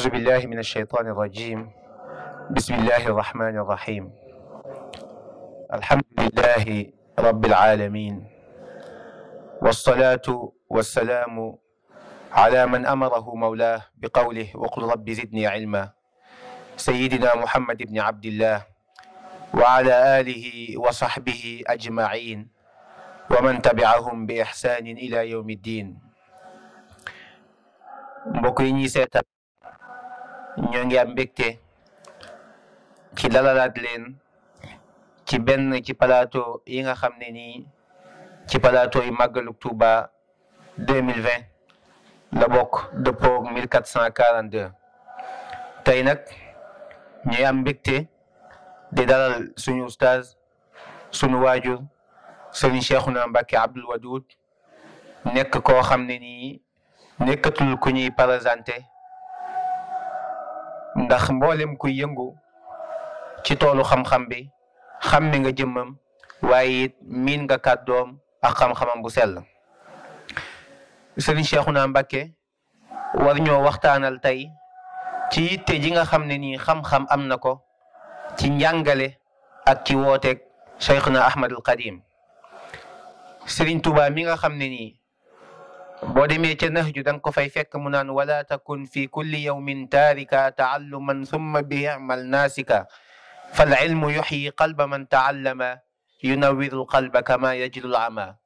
أعوذ بالله من الشيطان الرجيم بسم الله الرحمن الرحيم الحمد لله رب العالمين والصلاة والسلام على من أمره مولاه بقوله وقل رب زدني علما سيدنا محمد بن عبد الله وعلى آله وصحبه أجمعين ومن تبعهم بإحسان إلى يوم الدين mbokk yi ñuy seetaan ñoo ngi am mbégte ci dalalaat leen ci benn ci plateau yi nga xam ne nii ci plateau yi màggalu Touba deux vingt la bokk dëppoog mille quatre cent tey nag ñuy am mbégte di dalal suñu ustaaz suñu waajur sëriñ Cheikhouna Mbacké Abdoul Wadoud nekk koo xam ne nii nekkatul ku ñuy présenté ndax mboolem kuy yëngu ci toolu xam-xam bi xam mi nga jëmam waaye it miin nga kàddoom ak xam-xamam bu sell Serigne Cheikhouna mbake war ñoo waxtaanal tey ci yitte ji nga xam ne nii xam-xam am na ko ci njàngale ak ci wooteeg Cheikhuna Ahmadul Qadim Serigne Touba mi nga xam ne nii boo demee ca nahju da fekk mu naan wala takun fi kulli yawmin taarika taalluman summa bihi amal naasika fal ilmu yuxyi qalba man taallama yunawiru qalba kama yajrul ama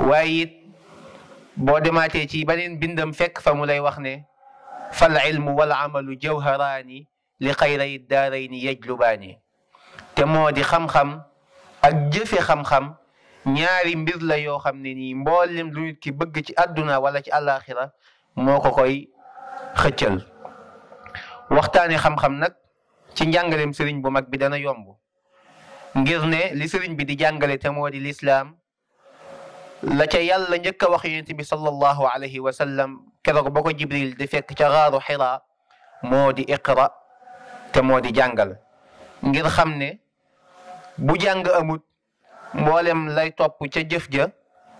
waaye it boo demaatee ci beneen bindam fekk fa mu lay wax ne fal ilmu wal amalu jawharaani li xayray daarayni yajlubaani te moo xam-xam ak jëfe xam-xam ñaari mbir la yoo xam ne nii mboolem lu nit ki bëgg ci àdduna wala ci àllaaxira moo ko koy xëccël waxtaane xam-xam nag ci njàngaleem sëriñ bu mag bi dana yomb ngir ne li sëriñ bi di jàngale te moo lislaam la ca yàlla njëkk wax yonent bi alayhi wa sallam keroog ba ko jibril di fekk ca xaaru xiraa moo iqra te moo di jàngal ngir xam ne bu jàng amut mboolem lay topp ca jëf ja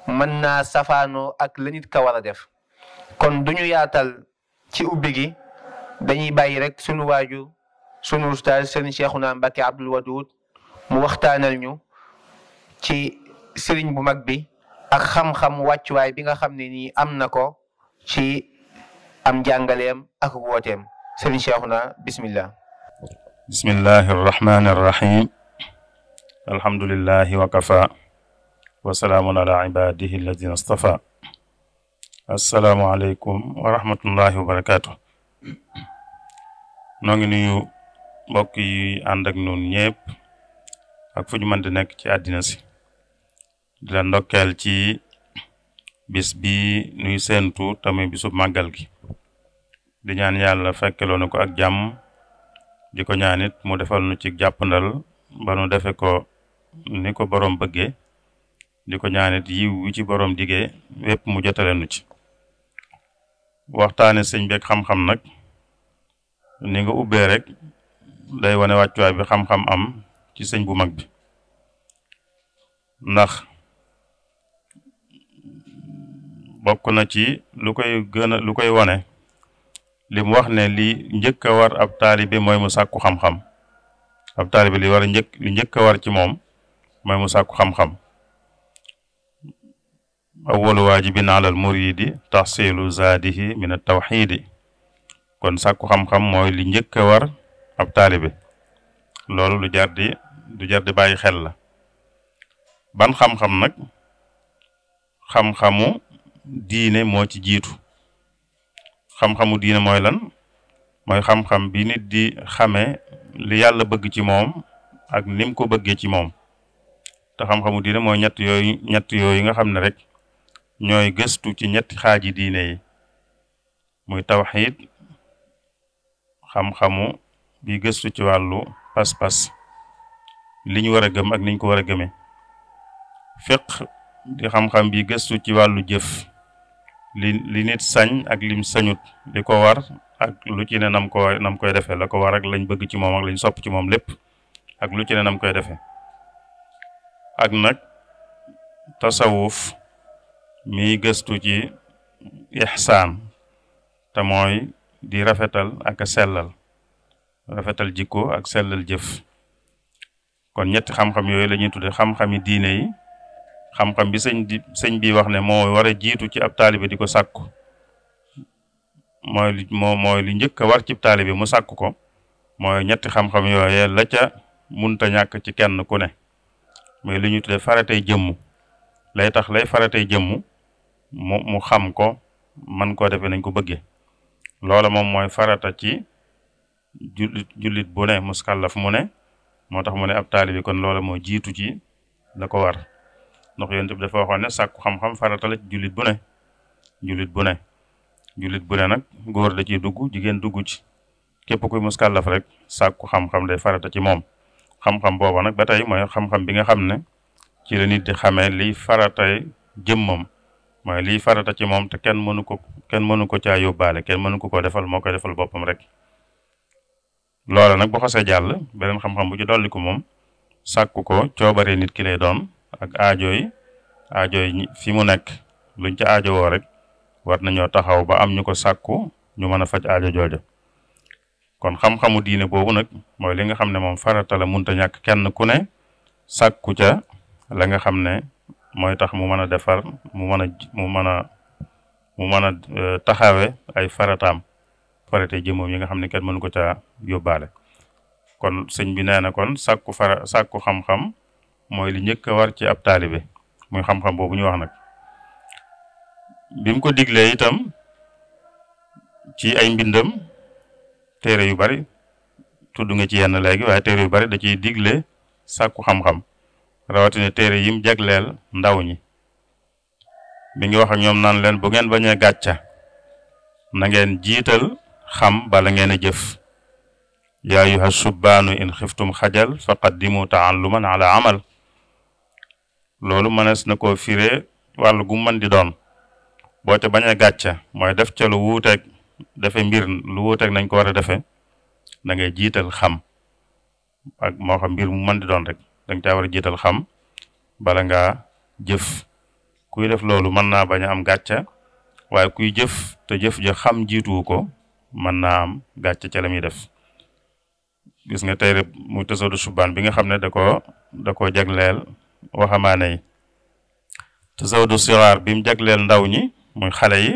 mën naa safaanoo ak la ka wara def kon duñu yaatal ci ubbi dañuy bàyyi rek sunu waaju sunu ustaaz sëriñ Cheikhouna Mbacké Abdoul Wadoud mu waxtaanal ñu ci sëriñ bu mag bi ak xam-xam wàccuwaay bi nga xam ne nii am na ko ci am jàngaleem ak wooteem sëriñ Cheikhouna bismillah bismillahi alhamdulillahi wa kafa wa salaamun ala ibadihi alladina stafa asalaamualeykum wa rahmatullahi wa barakaatu noo ngi nuyu mbokk yi ànd ak ak fu ñu nekk ci àddina si di la ndokkeel ci bis bi nuy seentu tamit bisu màggal gi di ñaan yàlla fekkeloo na ko ak jàmm di ko ñaanit mu defal nu ci jàppandal ba nu defe ko ni ko boroom bëggee di ko ñaanit yiw wi ci borom digee wépp mu jotale nu ci waxtaane sëñ beeg xam-xam nag ni nga ubbee rek day wane wàccuwaay bi xam-xam am ci sëñ bu mag bi ndax bokk na ci lu koy gën lu koy wane li mu wax ne li njëkk a war ab taalibe mooy mu sàkku xam-xam ab taalibe li war a njëkk li njëkk a war ci moom mooy mu sàkku xam-xam awwalu waajibin alal muridi tahsilu zaadihi min at tawxiidi kon sàkku xam-xam mooy li njëkk a war ab taalibe loolu lu jar lu jar bàyyi xel la ban xam-xam nag xam-xamu diine moo ci jiitu xam-xamu diine mooy lan mooy xam-xam bi nit di xamee li yàlla bëgg ci moom ak nim ko bëggee ci moom te xam-xamu diine mooy ñett yooyu ñett yooyu nga xam ne rek ñooy gëstu ci ñetti xaaji diine yi muy tawxiid xam-xamu bi gëstu ci wàllu pas-pas li ñu war a gëm ak niñ ko war a gëmee fiq di xam-xam bi gëstu ci wàllu jëf li li nit sañ ak lim sañut li ko war ak lu ci ne nam ko nam koy defee la ko war ak lañ bëgg ci moom ak lañ sopp ci moom lépp ak lu ci ne nam koy defee ak nag tasawuf miy gëstu ci ixsaan te mooy di rafetal ak sellal rafetal jikko ak sellal jëf kon ñetti xam-xam yooyu la ñuy tudde xam-xami diine yi xam-xam bi sëñ bi sëñ bi wax ne moo war jiitu ci ab taalibe di ko sàkku mooy li moo mooy li njëkk a war ci taalibe mu sàkku ko mooy ñetti xam-xam yooyee la munta ñàkk ci kenn ku mooy lu ñu tuddee faratay jëmm lay tax lay faratay jëmm mu mu xam ko man koo defee nañ ko bëggee loola moom mooy farata ci jullit jullit bu ne muskàllaf mu ne moo tax mu ne ab taalibi kon loola moo jiitu ci la ko war ndax yonent bi dafa waxoon ne sàkku xam-xam farata la jullit bu ne jullit bu ne jullit bu ne nag góor da ciy dugg jigéen dugg ci képp kuy muskàllaf rek sàkku xam-xam day farata ci moom xam-xam booba nag ba tey mooy xam-xam bi nga xam ne ci la nit di xamee liy faratay jëmmam mooy liy farata ci moom te kenn mënu ko kenn mënu ko caa yóbbaale kenn mënu ko ko defal moo koy defal boppam rek loola nag bu xasee jàll beneen xam-xam bu ci dolliku moom sàkku ko coobaree nit ki lay doon ak aajo yi aajo yi fi mu nekk luñ ca aajowoo rek war nañoo taxaw ba am ñu ko sàkku ñu mën a faj aajo jooja kon xam-xamu diine boobu nag mooy li nga xam ne moom farata la ta ñàkk kenn ku ne sàkku ca la nga xam ne mooy tax mu mën a defar mu mën a mu mën a mu mën a e, taxawe ay farataam farate jëmoom yi nga xam ne kenn mënu ko caa yóbbaale kon sëñ bi nee na kon sàkku fara sàkku xam-xam mooy li njëkk a war ci ab taalibe muy xam-xam boobu ñu wax nag bi ko diglee itam ci ay mbindam téere yu bari tudd nga ci yenn léegi waaye téere yu bari da ciy digle sàkku xam-xam rawatina téere yim jagleel ndaw ñi mi ngi wax ak ñoom naan leen bu ngeen bañee gàcca na ngeen jiital xam bala ngeen a jëf yaa ayuha subbaanu in xiftum xajal faqaddimu taalluman ala amal loolu mënees na koo firee wàllu gu mën di doon boo ca bañ gàcca mooy def ca lu defe mbir lu wuuteeg nañ ko war a defee da jiital xam ak moo mbir mu mën di doon rek da nga caa war a jiital xam bala ngaa jëf kuy def loolu mën naa bañ a am gàcca waaye kuy jëf te jëf ja xam jiituwu ko mën naa am gàcca ca la muy def gis nga tey rek mu tasawdu subaan bi nga xam ne da ko da ko jagleel waxamaane yi tasawdu siraar bi ndaw ñi muy xale yi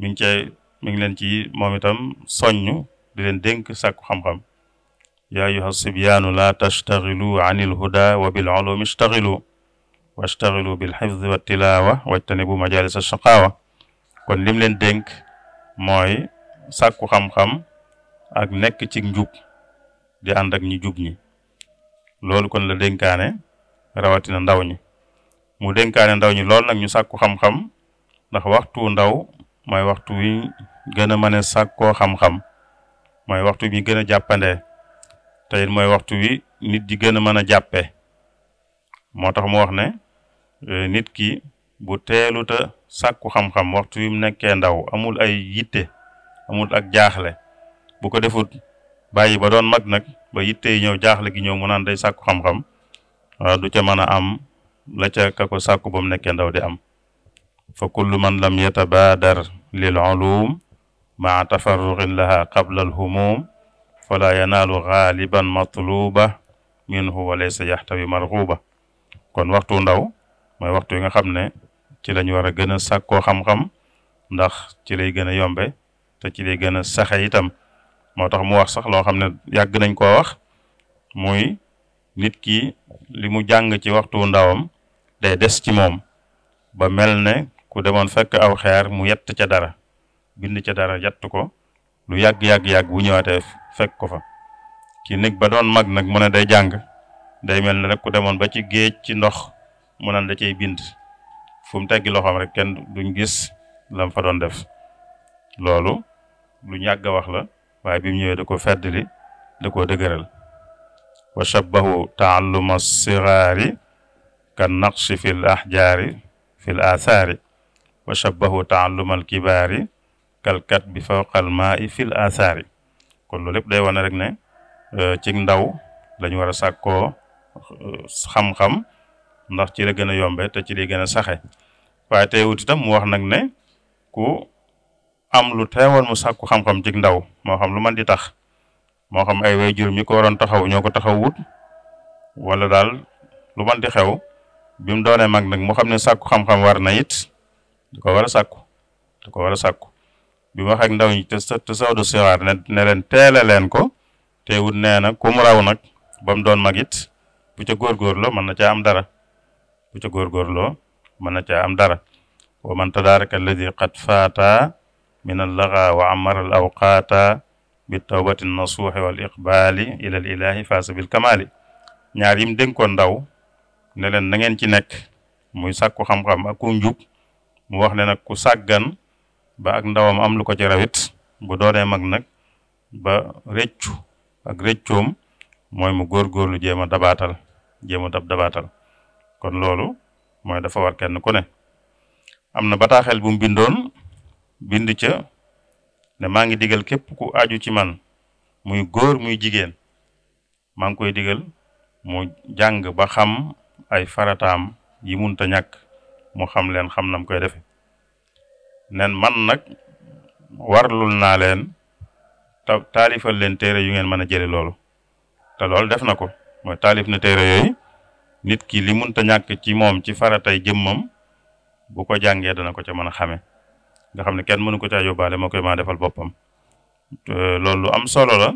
mi ngi mi ngi leen ci moom itam soññ di leen dénk sàkku xam-xam yaa ayuha sibyaanu laa tastaxilu an il huda wa bil ulumi istaxilu wastaxilu bil xifdi wa tilaawa wajtanibu majalis ashaqaawa kon lim leen dénk mooy sakku xam-xam ak nekk ci njug di ànd ak ñi jub ñi loolu kon la dénkaane rawatina ndaw ñi mu dénkaane ndaw ñi lool nag ñu sàkku xam-xam ndax waxtu ndaw mooy waxtu wi gën a mën a sàkkoo xam-xam mooy waxtu bi gën a jàppande te mooy waxtu wi nit di gën a mën a jàppe moo tax mu wax ne e, nit ki bu teelut a sàkku xam-xam waxtu wi mu nekkee ndaw amul ay yitte amul ak jaaxle bu ko defut bàyyi ba doon mag nag ba yitte ñëw jaaxle gi ñëw mu naan day sàkku xam-xam du ca mën a am la ca ka ko sàkku ba mu nekkee ndaw di am fa kullu man ba dar lil ulum maa tafarruxin laha qabla alhumum fala yanaalu xaaliban matluba minhu wa laysa yaxtawi marxuba kon waxtu ndaw mooy waxtu yi nga xam ne ci lañ war a gën a sàkkoo xam-xam ndax ci lay gën a yombe te ci lay gën a saxe itam moo tax mu wax sax loo xam ne yàgg nañ koo wax muy nit ki li mu jàng ci waxtu ndawam day des ci moom ba mel ne ku demoon fekk aw xeer mu yett ca dara bind ca dara yett ko lu yàgg-yàgg-yàgg bu ñëwaatee fekk ko fa ki nit ba doon mag nag mu ne day jàng day mel ne rek ku demoon ba ci géej ci ndox mu nan da cay bind fu mu teggi xam rek kenn duñ gis lam fa doon def loolu lu ñàgg wax la waaye bi ñëwee da ko feddali da koo dëgëral wa shabbahu taalluma sigaari kan naqshi fi l ahjaari fi l aathaari wa shabbahu taallumal kibaari kalkat bi fawqal maa i fil asaari kon loolu lépp day wane rek ne e, ci ndaw lañu war a sàkkoo e, xam-xam ndax ci la gën a yombe te ci lay gën a saxe waaye teewut itam mu wax nag ne ku am lu teewoon mu sàkku xam-xam ci ndaw moo xam lu man tax moo xam ay way jur mi ko waroon taxaw ñoo ko taxaw wut wala daal lu man xew bi mu mag nag mu xam ne sàkku xam-xam war na da ko war a sàkku da ko war a sàkku bi wax ak ndaw ñi te te sawdu sixaar ne ne leen teele leen ko teewut nee na ku mu raw nag ba mu doon mag it bu ca góorgóorloo mën na caa am dara bu ca góorgóorloo mën na caa am dara wa man tadaaraka alladi qad faata min allaga wa amara al awqaata bi tawbati nasuuxi wal iqbaali ilal ilaahi faasa bil kamaali ñaar yim dénkoon ndaw ne leen na ngeen ci nekk muy sàkku xam-xam ak ku njub mu wax ne nag ku sàggan ba ak ndawam am lu ko ci rawit bu doonee mag nag ba rëccu ak rëccoom mooy mu góorgóorlu jéem a dabaatal jéem a dab dabaatal kon loolu mooy dafa war kenn ku ne am na bataaxel bu mu bindoon bind ca ne maa ngi digal képp ku aju ci man muy góor muy jigéen maa ngi koy digal mu jàng ba xam ay farataam yi munta ñàkk mu xam leen xam nam koy defe nen man nag warlul naa leen ta taalifal leen téere yu ngeen mën a jële loolu te loolu def na ko mooy taalif na téere yooy nit ki li munta ñàkk ci moom ci faratay jëmmam bu ko jàngee dana ko ca mën a xame nga xam ne kenn mënu ko caa yóbbaale moo koy maa defal boppam loolu am solo la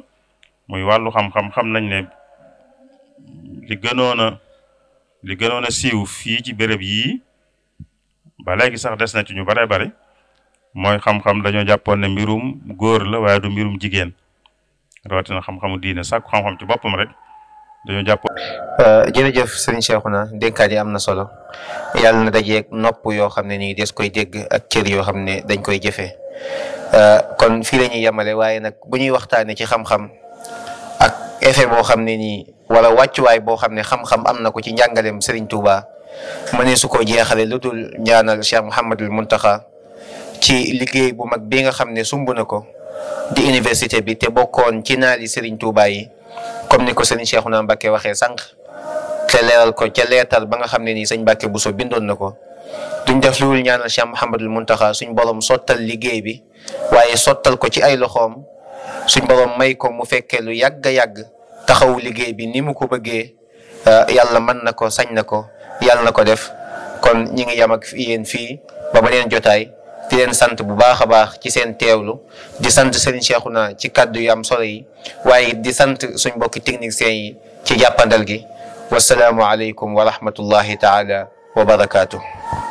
muy wallu xam-xam nañ ne li gënoon a li siiw fii ci béréb yii ba léegi sax des na ci ñu bare bari mooy xam-xam dañoo jàppoon ne mbirum góor la waaye du mbirum jigéen rawatina xam-xamu diine sàkku xam-xam ci boppam rek dañoo jàpp. Euh, jërëjëf Serigne Cheikhouna dénkaat yi am na solo yàlla na dajeeg nopp yoo xam ne nii des koy dégg ak cër yoo xam ne dañ koy jëfee euh, kon fi la ñuy waaye nag bu ñuy waxtaanee ci xam-xam ak effet boo xam ne nii wala wàccuwaay boo xam ne xam-xam am na ko ci njàngaleem Serigne Touba. ma ne su ko jeexalee lu dul ñaanal Cheikh Mouhamadul Muntaxa ci liggéey bu mag bi nga xam ne sumb na ko di université bi te bokkoon ci naali Serigne Touba yi comme ni ko Serigne Cheikhouna Mbacké waxee sànq te leeral ko ca leetal ba nga xam ne nii sëñ Mbacké Bousso bindoon na ko duñ def lu dul ñaanal Cheikh Mouhamadul Muntaxa suñ borom sottal liggéey bi waaye sottal ko ci ay loxoom suñ borom may ko mu fekkee lu yàgg a yàgg taxawu liggéey bi ni mu ko bëggee ah, yàlla mën na ko sañ na ko. yàlla na ko def kon ñi ngi yam ak yéen fii ba ba leen jotaay di leen sant bu baax a baax ci seen teewlu di sant Serigne Cheikhouna ci kàddu yu am solo yi waaye di sant suñ mbokki techniciens yi ci jàppandal gi wasalaamu aleykum wa rahmatullahi taala wa